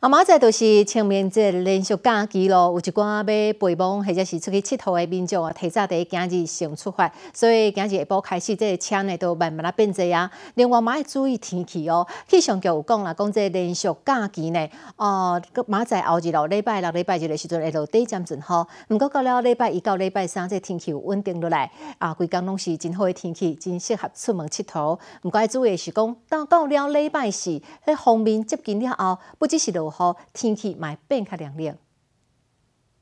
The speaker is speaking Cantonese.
啊，明仔載就是清明節連續假期咯，有一寡要培墓或者是出去佚佗嘅民眾啊，提早佇今日先出發，所以今日下晡開始，這車呢都慢慢啊變濟啊。另外，還要注意天氣哦。氣象局有講啦，講這個連續假期呢，哦，擱明仔後日咯，禮、呃、拜六、禮拜日嘅時陣，會落短暫陣雨。毋過到了禮拜一到禮拜三，這個、天氣有穩定落來啊，規工攏是真好嘅天氣，真適合出門佚佗。毋該注意嘅是講，到到了禮拜四，迄鋒面接近了後，不只落雨，天氣也變較涼涼。